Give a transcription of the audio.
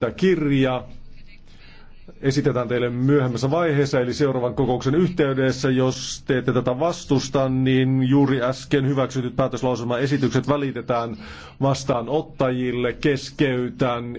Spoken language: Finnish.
Tämä kirja esitetään teille myöhemmässä vaiheessa, eli seuraavan kokouksen yhteydessä. Jos teette tätä vastusta, niin juuri äsken hyväksytyt esitykset välitetään vastaanottajille, keskeytän